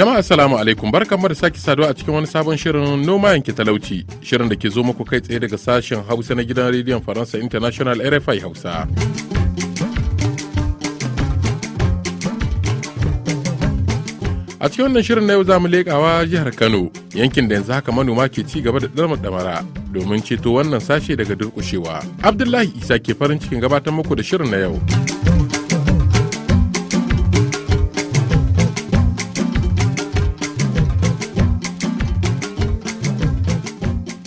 Jama'a assalamu alaikum barkanmu da sake saduwa a cikin wani sabon shirin noma yanki talauci shirin da ke zo muku kai tsaye daga sashen Hausa na gidan rediyon Faransa International RFI Hausa. A cikin wannan shirin na yau za mu leƙawa jihar Kano yankin da yanzu haka manoma ke ci gaba da ɗarmar ɗamara domin ceto wannan sashe daga durƙushewa. Abdullahi Isa ke farin cikin gabatar muku da shirin na yau.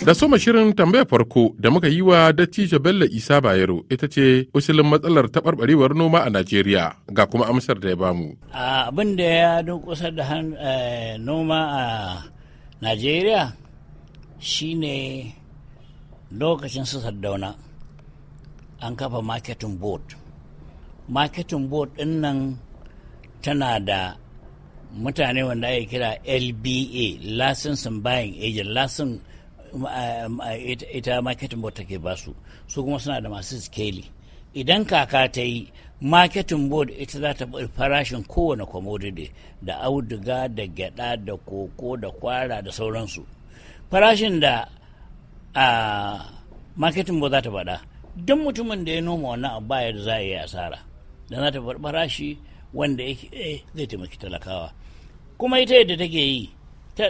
Da soma shirin tambayar farko da muka yi wa dattijo Bello Isa Bayero ita ce usulin matsalar taɓarɓarewar noma a Najeriya ga kuma amsar da ya bamu. Abin da ya dunkusa da eh, noma a Najeriya shine lokacin su sardauna an kafa marketing board. Marketing board ɗin nan tana da mutane wanda ake kira LBA, Licensing Buying Agent, Licensing Um, uh, ita marketing board take ba su su kuma suna da masu sikeli idan kaka ta yi marketing board ita za ta farashin kowane commodity da auduga da gyada da koko da kwara da sauransu farashin da uh, marketing board za ta faɗa duk mutumin da ya noma wannan abu da za a yi asara da za ta farashi wanda eh, zai taimaki talakawa kuma ita yadda take yi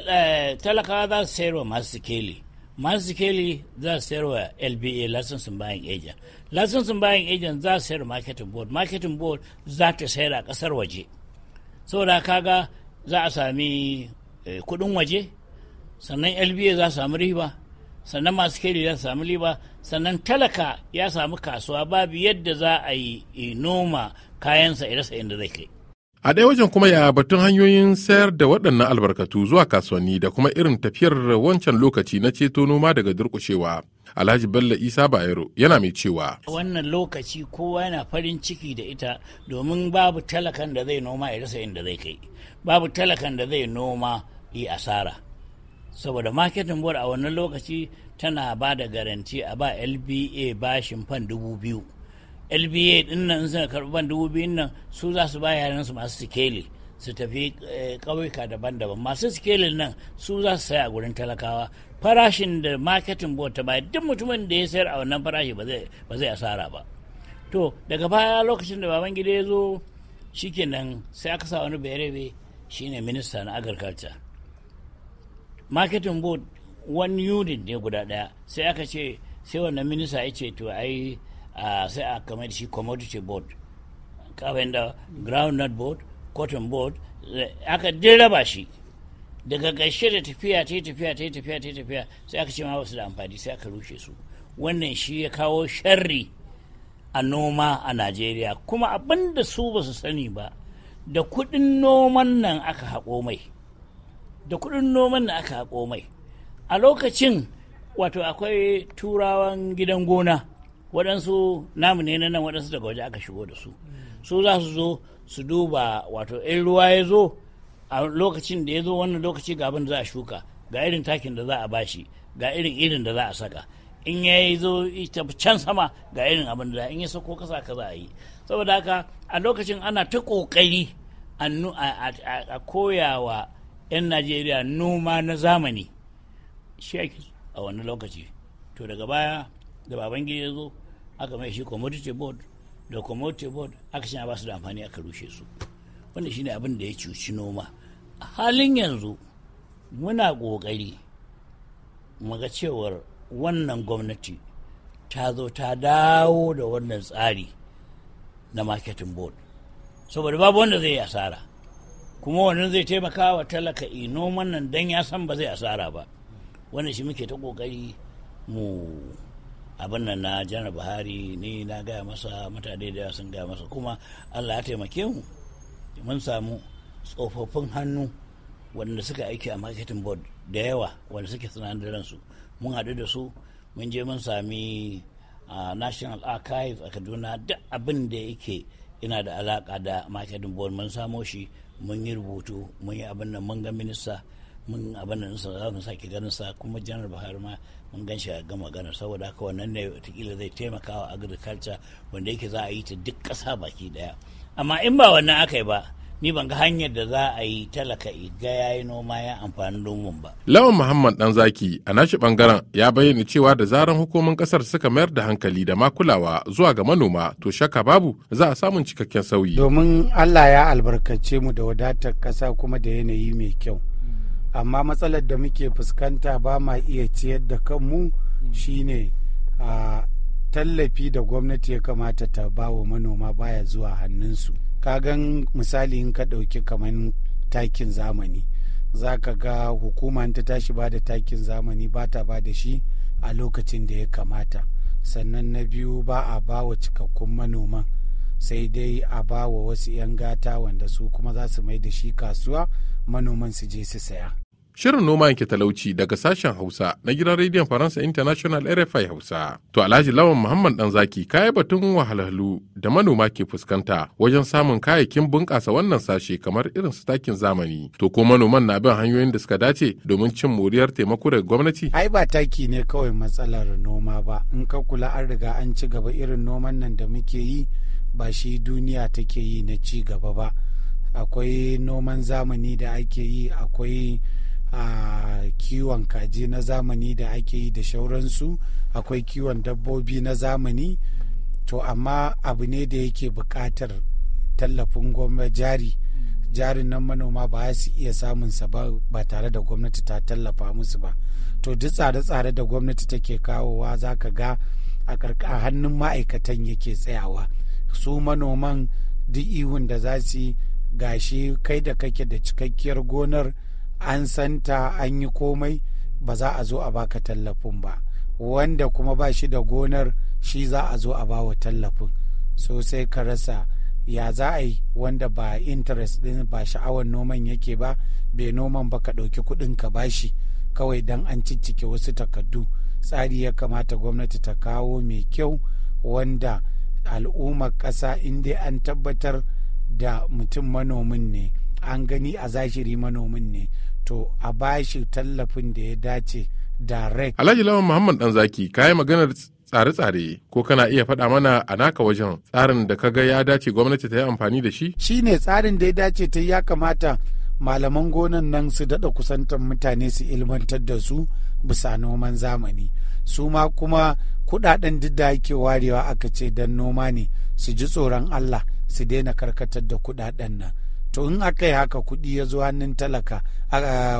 eh, talakawa za su sayarwa masu sikeli masu sikeli za su sayar wa lba lasansin bayan agent lasansin bayan agent za su sayar marketing board marketing board za ta sayar a kasar waje saboda kaga za a sami eh, kudin waje sannan lba za su sami riba sannan masu sikeli za su sami riba sannan talaka ya sami kasuwa babu yadda za a yi eh, noma kayansa ya inda zai kai A ɗaya wajen kuma ya batun hanyoyin sayar da waɗannan albarkatu zuwa kasuwanni da kuma irin tafiyar wancan lokaci na ceto noma daga durƙushewa. Alhaji Bello Isa Bayero yana mai cewa. Wannan lokaci kowa yana farin ciki da ita domin babu talakan da zai noma ya rasa inda zai kai. Babu talakan da zai noma yi asara. Saboda marketing board a wannan lokaci tana ba da garanti a ba LBA bashin fan dubu biyu. lba din nan in suna karban dubu biyun nan su za su ba yaran su masu sikeli su tafi eh, ƙauyuka daban-daban masu sikelin nan su za su saya a gurin talakawa farashin da marketin board ta bayar duk mutumin da ya sayar a wannan farashi ba zai asara ba to daga baya lokacin da baban gida ya zo nan sai aka sa wani shi shine minista na agriculture marketing board wani unit ne guda ɗaya sai aka ce sai wannan minista ya ce to ai Ah, sai a kamar shi commodity board kafin da groundnut board cotton board aka raba shi daga ƙarshe da tafiya ta tafiya ta tafiya ta tafiya sai aka ce ma wasu da amfani sai aka rushe su wannan shi ya kawo sharri a noma a najeriya kuma abin da su ba su sani ba da kudin noman nan aka haƙo mai da kuɗin noman nan aka haƙo mai a lokacin wato akwai turawan gidan gona waɗansu namu ne na nan waɗansu daga waje aka shigo da su mm. su za su zo su duba wato in ruwa ya zo a lokacin da ya zo wannan lokaci ga abin da za a shuka ga irin takin da za a bashi ga irin irin da za a saka in ya yi zo can sama ga irin abin da in ya sako kasa ka za a yi saboda haka a lokacin ana ta kokari a koya wa 'yan najeriya noma na zamani shi ake a wani lokaci to daga baya da babangida ya zo aka mai shi commodity board da commodity board aka shi ba su da amfani aka rushe su Wanda shine abin da ya cuci noma A halin yanzu muna ƙoƙari muga cewar wannan gwamnati ta zo ta dawo da wannan tsari na marketing board saboda babu wanda zai yi asara kuma wannan zai taimaka wa talaka inoman nan don ya san ba zai asara ba wannan shi muke ta ƙoƙari mu abin nan na janar buhari ni na gaya masa mutane da sun gaya masa kuma allah ya taimake mu mun samu tsofaffin hannu wanda suka aiki a marketing board da yawa wanda suke da su mun haɗu da su mun je mun sami a national archive a kaduna duk abin da yake ina da alaƙa da marketing board mun samo shi mun yi rubutu mun yi abin nan mun ga minista mun abin da za mu sake ganin sa kuma janar buhari ma mun gan shi ga magana saboda haka wannan ne watakila zai taimaka wa agriculture wanda yake za a yi ta duk ƙasa baki daya amma in ba wannan aka yi ba ni ban ga hanyar da za a yi talaka iga ya yi noma ya amfani noman ba. Lawan Muhammad Dan Zaki a nashi bangaren ya bayyana cewa da zaran hukumomin kasar suka mayar da hankali da ma kulawa zuwa ga manoma to shaka babu za a samun cikakken sauyi. Domin Allah ya albarkace mu da wadatar kasa kuma da yanayi mai kyau. amma matsalar da muke fuskanta ba ma iya ciyar da kanmu shine a tallafi da gwamnati ya kamata ta ba wa manoma baya zuwa hannunsu kagan misali in ka ɗauki kamar takin zamani za ka ga hukuma ta tashi ba da takin zamani ba ta ba da shi a lokacin da ya kamata sannan na biyu ba a ba wa cikakkun manoman sai dai a ba wa wasu 'yan gata wanda su kuma za su mai da shi kasuwa manoman su je su saya Shirin noma yanke talauci daga sashen Hausa na gidan rediyon Faransa International RFI Hausa. To Alhaji Lawan Muhammad dan Danzaki yi batun wahalhalu da manoma ke fuskanta wajen samun kayayyakin bunƙasa wannan sashe kamar irin su takin zamani. To ko manoman na bin hanyoyin da suka dace domin cin moriyar taimako daga gwamnati? Ai ba taki ne kawai matsalar noma ba. In ka kula an riga an ci gaba irin noman nan da muke yi ba shi duniya take yi na ci gaba ba. Akwai noman zamani da ake yi akwai a kiwon kaji na zamani da ake yi da shauransu akwai kiwon dabbobi na zamani to amma abu ne da yake buƙatar tallafin gwamnati jari jarin nan manoma ba su iya samunsa ba ba tare da gwamnati ta tallafa musu ba to duk tsare-tsare da gwamnati take kawowa za ka ga a hannun ma'aikatan yake tsayawa su manoman duk ihun da za su gashi kai da kake da cikakkiyar gonar an santa an yi komai ba za a zo a baka tallafin ba wanda kuma ba shi da gonar shi za a zo a bawa tallafin sosai ka rasa ya za a yi wanda ba interest din ba sha'awar noman yake ba bai noman ba ka ɗauki kuɗin ka ba shi kawai don an ciccike wasu takardu tsari ya kamata gwamnati ta kawo mai kyau wanda al'ummar ƙasa in dai an tabbatar da mutum manomin ne an gani a zashiri manomin ne to a bashi tallafin da ya dace direct. Alhaji Lawan Muhammad Danzaki kayi maganar tsare-tsare ko kana iya faɗa mana a naka wajen tsarin da kaga ya dace gwamnati ta yi amfani da shi? Shi ne tsarin da ya dace ta ya kamata malaman gonan nan su daɗa kusantar mutane su ilmantar da su bisa noman zamani. Su ma kuma kuɗaɗen duk da ake warewa aka ce don noma ne su ji tsoron Allah su daina karkatar da kuɗaɗen nan. to in aka yi haka kuɗi ya zo hannun talaka a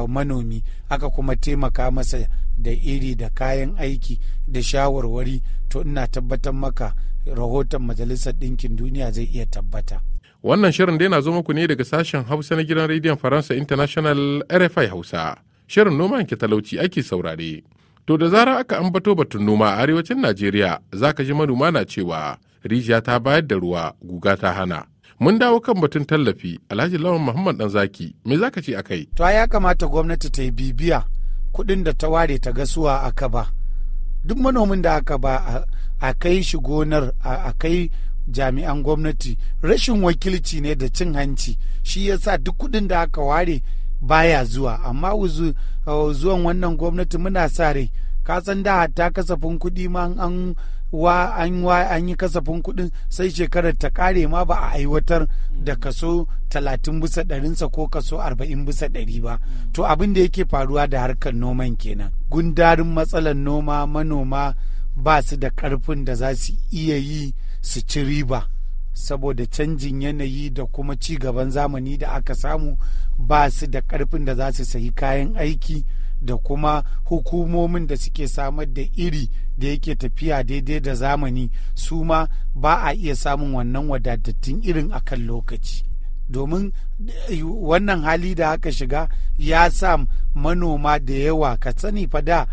manomi aka kuma taimaka masa da iri da kayan aiki da shawarwari to ina tabbatar maka rahoton majalisar ɗinkin duniya zai iya tabbata wannan shirin dai na zo muku ne daga sashen hausa na gidan rediyon faransa international rfi hausa shirin noma ke talauci ake saurare to da zarar aka ambato batun noma a arewacin najeriya za ka ji manoma na cewa rijiya ta bayar da ruwa guga ta hana Mun dawo kan batun tallafi Alhaji Lawan Muhammad dan zaki me zaka ce akai? To ya kamata gwamnati ta yi bibiya kuɗin da ta ware ta gasuwa aka ba. Duk manomin da aka ba a kai shi gonar a kai jami'an gwamnati rashin wakilci ne da cin hanci shi yasa duk kuɗin da aka ware baya zuwa amma uh, zuwan wannan gwamnati muna sa rai kasan da ta kasafin kuɗi ma an wa an an yi kasafin kuɗin sai shekarar ta kare ma ba a aiwatar da mm. kaso talatin bisa ɗarinsa ko kaso arba'in bisa ɗari ba mm. to abin da yake faruwa da harkar noman kenan gundarin matsalar noma manoma ba su da ƙarfin da za su iya yi su ci riba saboda canjin yanayi da kuma ci gaban zamani da aka samu ba su da ƙarfin da za su sayi kayan aiki da kuma hukumomin da suke samar da iri da yake tafiya daidai da zamani su ma ba a iya samun wannan wadatattun irin akan lokaci domin eh, wannan hali da haka shiga ya sa manoma da yawa ka sani fada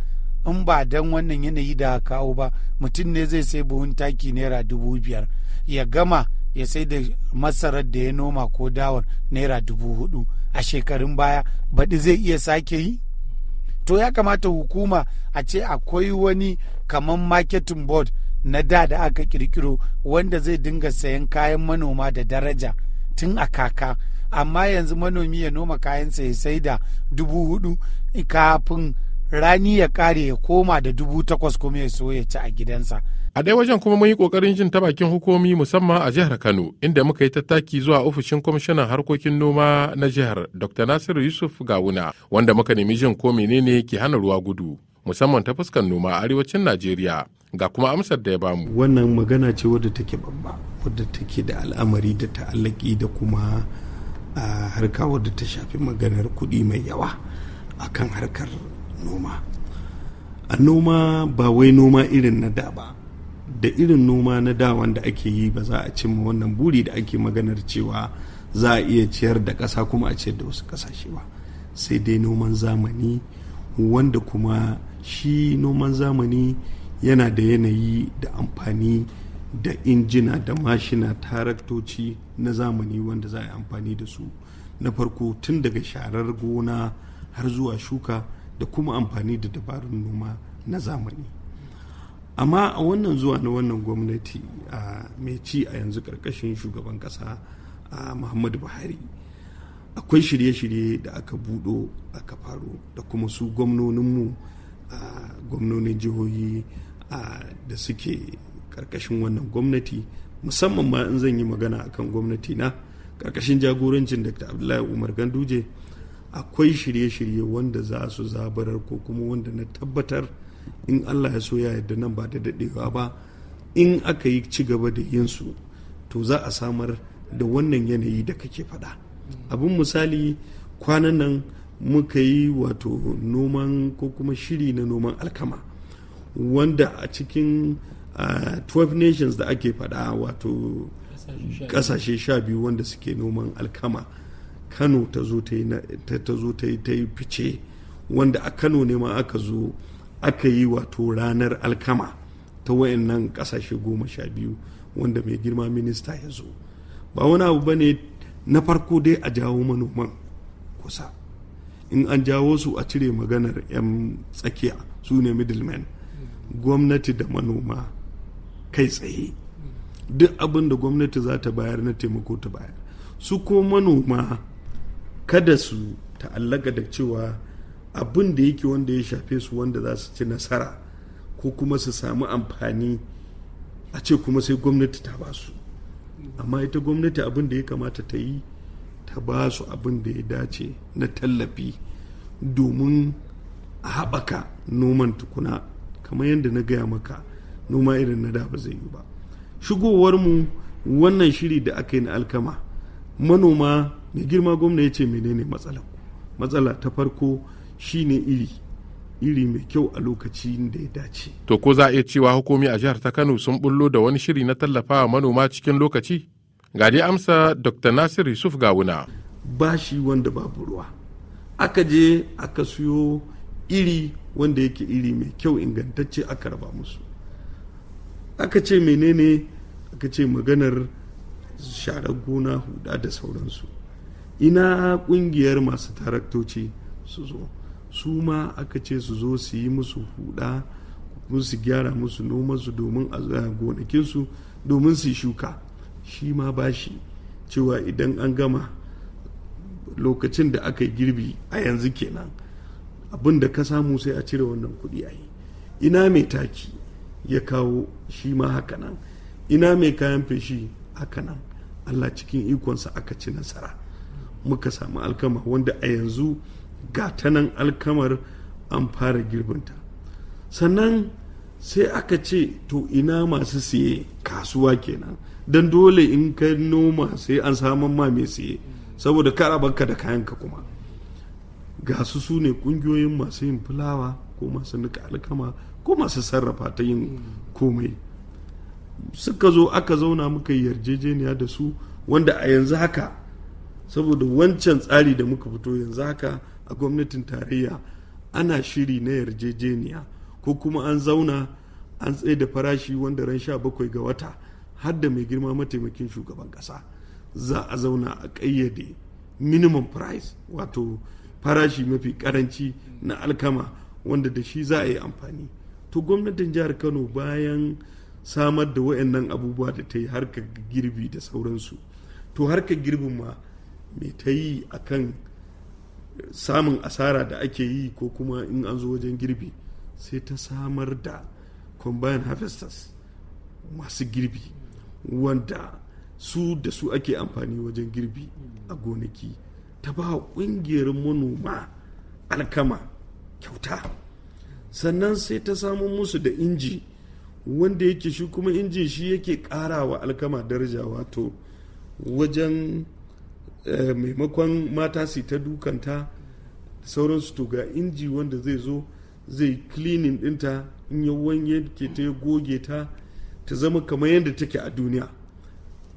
in ba don wannan yanayi da kawo ba mutum ne zai sai buhun taki naira dubu biyar ya gama ya sai da masarar da ya noma ko dawar naira dubu hudu a shekarun baya baɗi zai iya sake yi to ya kamata hukuma a ce akwai wani kamar marketing board na da da aka kirkiro wanda zai dinga sayan kayan manoma da daraja tun a kaka amma yanzu manomi ya noma kayansa ya sai da dubu hudu kafin rani ya kare ya koma da dubu takwas kuma ya so ya ci a gidansa A dai wajen kuma mun yi ƙoƙarin jin ta bakin hukumi musamman a jihar Kano inda muka yi tattaki zuwa ofishin kwamishinan harkokin noma na jihar Dr. Nasiru Yusuf Gawuna wanda muka nemi jin ko menene ke hana ruwa gudu musamman ta fuskar noma a arewacin Najeriya. Ga kuma amsar da ya bamu. Wannan magana ce wadda take babba wadda take da al'amari da ta'allaki da kuma a harka wadda ta shafi maganar kuɗi mai yawa akan harkar noma. A noma ba wai noma irin na da ba. da irin noma na da wanda ake yi ba za a cimma wannan buri da ake maganar cewa za a iya ciyar da ƙasa kuma a ciyar da wasu ƙasashe ba sai dai noman zamani wanda kuma shi noman zamani yana da yanayi da amfani da injina da mashina taraktoci na zamani wanda za a yi amfani da su na farko tun daga sharar gona har zuwa shuka da kuma amfani da dabarun noma na zamani amma a wannan zuwa na wannan gwamnati a mai ci a yanzu karkashin shugaban kasa a muhammadu buhari akwai shirye-shirye da aka budo aka faro da kuma su gwamnoninmu a gwamnonin jihohi da suke karkashin wannan gwamnati musamman ma in zan yi magana akan gwamnati na karkashin jagorancin dr abdullahi umar ganduje akwai shirye-shirye wanda za su zabarar ko kuma wanda na tabbatar in allah ya so ya yadda nan ba da daɗewa ba in aka yi ci gaba da yin su to za a samar da wannan yanayi da kake faɗa abin misali kwanan nan muka yi wato noman ko kuma shiri na noman alkama wanda a cikin uh, 12 nations da ake faɗa wato ƙasashe sha biyu wanda suke noman alkama kano ta zo ta yi fice wanda a kano ne ma aka zo aka yi wato ranar alkama ta wayannan kasashe goma sha biyu wanda mai girma minista ya zo ba wani abu ba ne na farko dai a jawo manoman kusa in an jawo su a cire maganar 'yan tsakiya su ne middleman gwamnati da manoma kai tsaye duk abin da gwamnati za ta bayar na taimako ta bayar su ko manoma kada su ta'allaka da cewa abin da yake wanda ya shafe su wanda za su ci nasara ko kuma su samu amfani a ce kuma sai gwamnati ta ba su amma ita gwamnati abin da ya kamata ta yi ta ba su abin da ya dace na tallafi domin a haɓaka noman tukuna kamar yadda na gaya maka noma irin na da ba zai yi ba shigowar mu wannan shiri da aka yi na alkama manoma mai girma gwamna ya ce menene matsala matsala ta farko shine iri iri mai kyau a lokacin da ya dace. To ko za a iya cewa hukumi a jihar ta Kano sun bullo da wani shiri na tallafawa manoma cikin lokaci? Ga dai amsa Dr. Nasir Yusuf Gawuna. Bashi wanda babu ruwa. Aka je aka siyo iri wanda yake iri mai kyau ingantacce aka raba musu. Aka ce menene aka ce maganar sharar gona huda da sauransu. Ina kungiyar masu taraktoci su zo. su ma aka ce su zo su yi musu huda musu gyara musu noma su domin a gonakinsu domin su shuka shi ma ba shi cewa idan an gama lokacin da aka girbi a yanzu kenan abin da ka samu sai a cire wannan kudi a yi ina mai taki ya kawo shi ma haka nan ina mai kayan feshi haka nan allah cikin ikonsa aka ci nasara muka samu alkama wanda a yanzu ga nan alkamar an fara girbinta sannan sai aka ce to ina masu siye kasuwa kenan don dole in ka noma sai an saman ma mai siye saboda kara banka da kayanka kuma ga su su ne kungiyoyin masu yin fulawa ko masu nika alkama ko masu sarrafa ta yin komai suka zo aka zauna muka yarjejeniya da su wanda a yanzu haka saboda wancan tsari da muka fito yanzu haka a gwamnatin tarayya ana shiri na yarjejeniya ko kuma an zauna an tsaye da farashi wanda ran sha bakwai ga wata har da mai girma mataimakin shugaban ƙasa za a zauna a ƙayyade minimum price wato farashi mafi karanci na alkama wanda da shi za a yi amfani to gwamnatin jihar kano bayan samar da wayannan abubuwa da ta yi harkar girbi da sauransu to harkar girbin ma mai ta yi akan samun asara da ake yi ko kuma in an zo wajen girbi sai ta samar da combined harvesters masu girbi wanda su da su ake amfani wajen girbi a gonaki ta ba kungiyar manoma alkama kyauta sannan sai ta samu musu da inji wanda yake shi kuma injin shi yake ƙara wa alkama daraja wato wajen Eh, maimakon mata su ta dukanta sauransu to ga inji wanda zai zo zai cleaning dinta in ya wanye ke ta ya goge ta ta zama kamar yadda take a duniya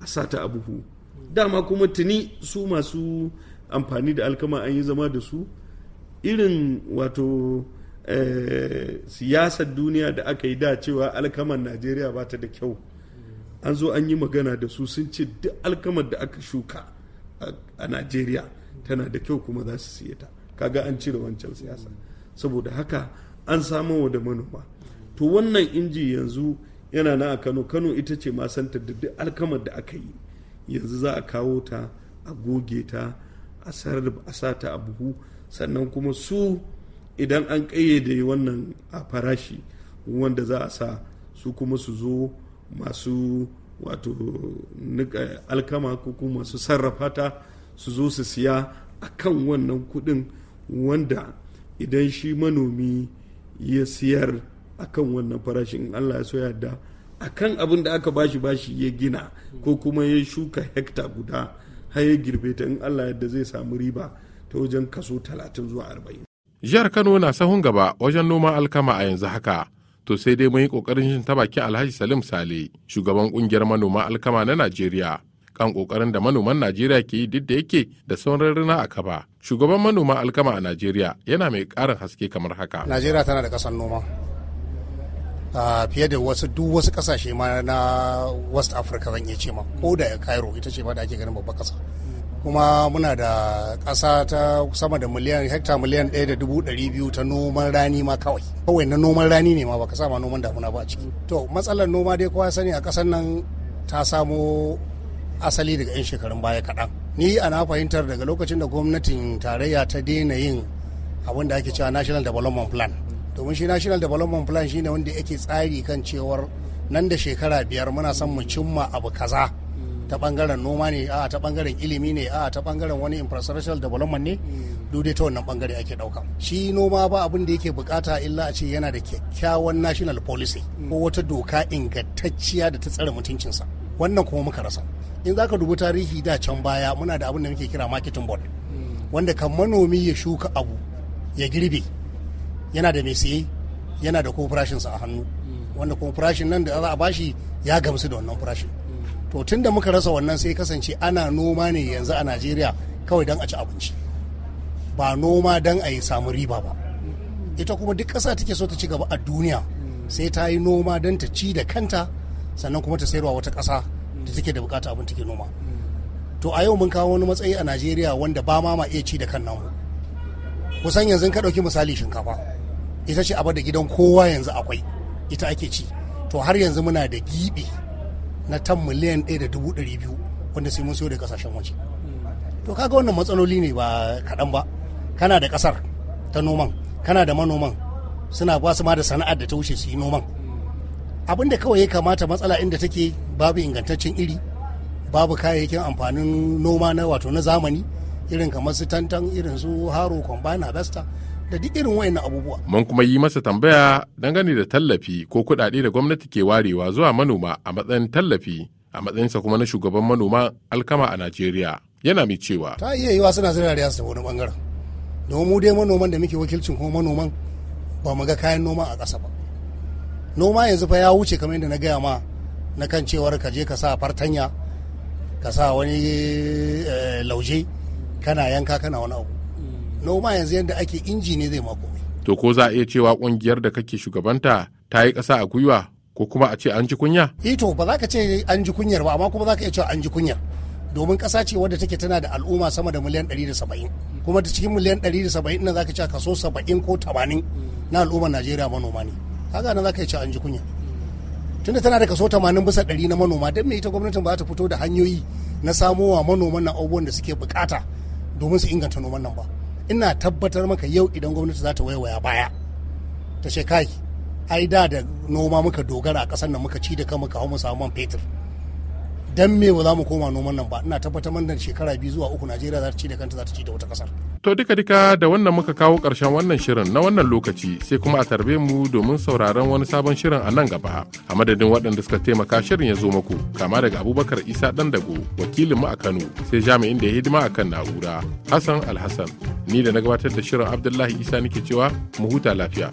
a sata a buhu dama kuma tuni su masu amfani da alkama an yi zama da su irin wato eh, siyasar duniya da aka yi da cewa alkaman najeriya ba ta da kyau an zo an yi magana da su sun ce duk alkamar da aka shuka a najeriya tana da kyau kuma za su siye ta kaga an cire wancan siyasa saboda haka an wa da manoma to wannan inji yanzu yana na a kano kano ita ce ma santa da duk alkamar da aka yi yanzu za a kawo ta a goge ta a sa ta a buhu sannan kuma su idan an ƙayyade wannan a farashi wanda za a sa su kuma su zo masu wato nika eh, alkama ko kuma su sarrafa ta su zo su siya a kan wannan kudin wanda idan shi manomi ya siyar a kan wannan farashin in allah ya so yadda a kan abin da aka bashi bashi ya gina ko kuma ya shuka hekta guda har ya girbe ta in allah yadda zai samu riba ta wajen kaso talatin zuwa arba'in. jihar kano na sahun gaba wajen noman alkama a yanzu haka to sai dai mun yi kokarin shin ta baki Alhaji Salim Sale shugaban kungiyar manoma alkama na Najeriya kan kokarin da manoman Najeriya ke yi duk da yake da sauran rana a kaba. Shugaban manoma alkama a Najeriya yana mai karin haske kamar haka. Najeriya tana da kasar noma. fiye da wasu duk wasu kasashe ma na West Africa zan iya ce ma ko da Cairo ita ce ma da ake ganin babbar kasa. kuma muna da ƙasa ta sama da miliyan hekta miliyan ɗaya da dubu ɗari biyu ta noman rani ma kawai kawai na noman rani ne ma baka sama noman damuna ba a ciki to matsalar noma dai kowa sani a ƙasar nan ta samo asali daga 'yan shekarun baya kaɗan ni ana fahimtar daga lokacin da gwamnatin tarayya ta daina yin abin da ake cewa national development plan domin shi national development plan shine wanda yake tsari kan cewar nan da shekara biyar muna son mu cimma abu kaza ta bangaren noma ne a ta bangaren ilimi ne a ta bangaren wani infrastructural development ne mm. duk ta wannan bangare ake dauka shi noma ba abin da yake bukata illa a ce yana da kyakkyawan national policy mm. ko wata doka ingantacciya da ta tsare sa wannan kuma muka rasa in zaka dubi tarihi da can baya muna da abin da muke kira marketing board mm. wanda kan manomi ya shuka abu ya girbe yana da mai siye yana da ko sa a hannu wanda kofurashin nan da za a bashi ya gamsu da wannan farashin to tun da muka rasa wannan sai kasance ana noma ne yanzu a najeriya kawai don a ci abinci ba noma don a yi samu riba ba ita kuma duk ƙasa take so ta ci gaba a duniya sai ta yi noma don ta ci da kanta sannan kuma ta sayarwa wata ƙasa da take da bukata abin take noma to a yau mun kawo wani matsayi a najeriya wanda ba ma ma iya ci da kan namu kusan yanzu ka ɗauki misali shinkafa ita ce abar da gidan kowa yanzu akwai ita ake ci to har yanzu muna da giɓi na tan miliyan ɗaya da dubu ɗari biyu wanda sai mun siyo da kasashen waje to kaga wannan matsaloli ne ba kaɗan ba kana da ƙasar ta noman kana da manoman suna ba su ma da sana'ar da ta wuce su yi noman abin da kawai ya kamata matsala inda take babu ingantaccen iri babu kayayyakin amfanin noma na wato na zamani irin kamar su tantan irin su haro na besta da duk irin wayannan abubuwa. Mun kuma yi masa tambaya dangane da tallafi ko kuɗaɗe da gwamnati ke warewa zuwa manoma a matsayin tallafi a matsayinsa kuma na shugaban manoma alkama a Najeriya. Yana mai cewa. Ta iya yiwa suna da su wani bangaren. Domin mu dai manoman da muke wakilcin kuma manoman ba mu ga kayan noma a ƙasa ba. Noma yanzu fa ya wuce kamar yadda na gaya ma na kan cewar ka je ka sa fartanya ka sa wani eh, lauje kana yanka kana wani abu. noma yanzu yadda ake inji ne zai mako to ko za a iya cewa kungiyar da kake shugabanta ta yi ƙasa a gwiwa ko kuma a ce an ji kunya eh to ba za ka ce an ji kunyar ba amma kuma za ka iya cewa an ji kunya domin ƙasa ce wadda take tana da al'umma sama da miliyan 170 kuma da cikin miliyan 170 na za ka ce kaso 70 ko 80 na al'ummar Najeriya manoma ne haka nan za ka iya cewa an ji kunya tunda tana da kaso 80 bisa 100 na manoma don me ita gwamnatin ba ta fito da hanyoyi na samowa manoman nan abubuwan da suke bukata domin su inganta noman nan ba ina tabbatar maka yau idan gwamnati za ta waiwaya baya ta shekai ai da da noma muka dogara a ƙasar nan muka ci da kan muka hau mu samu man fetur dan me ba za mu koma noman nan ba ina tabbatar man nan shekara biyu zuwa uku Najeriya za ta ci da kanta za ta ci da wata kasar to duka duka da wannan muka kawo karshen wannan shirin na wannan lokaci sai kuma a tarbe mu domin sauraron wani sabon shirin a nan gaba a madadin waɗanda suka taimaka shirin ya zo muku kama daga Abubakar Isa dan dago wakilin mu a Kano sai jami'in da ya hidima a kan na'ura Hassan Alhassan ni da na gabatar da shirin Abdullahi Isa nake cewa mu huta lafiya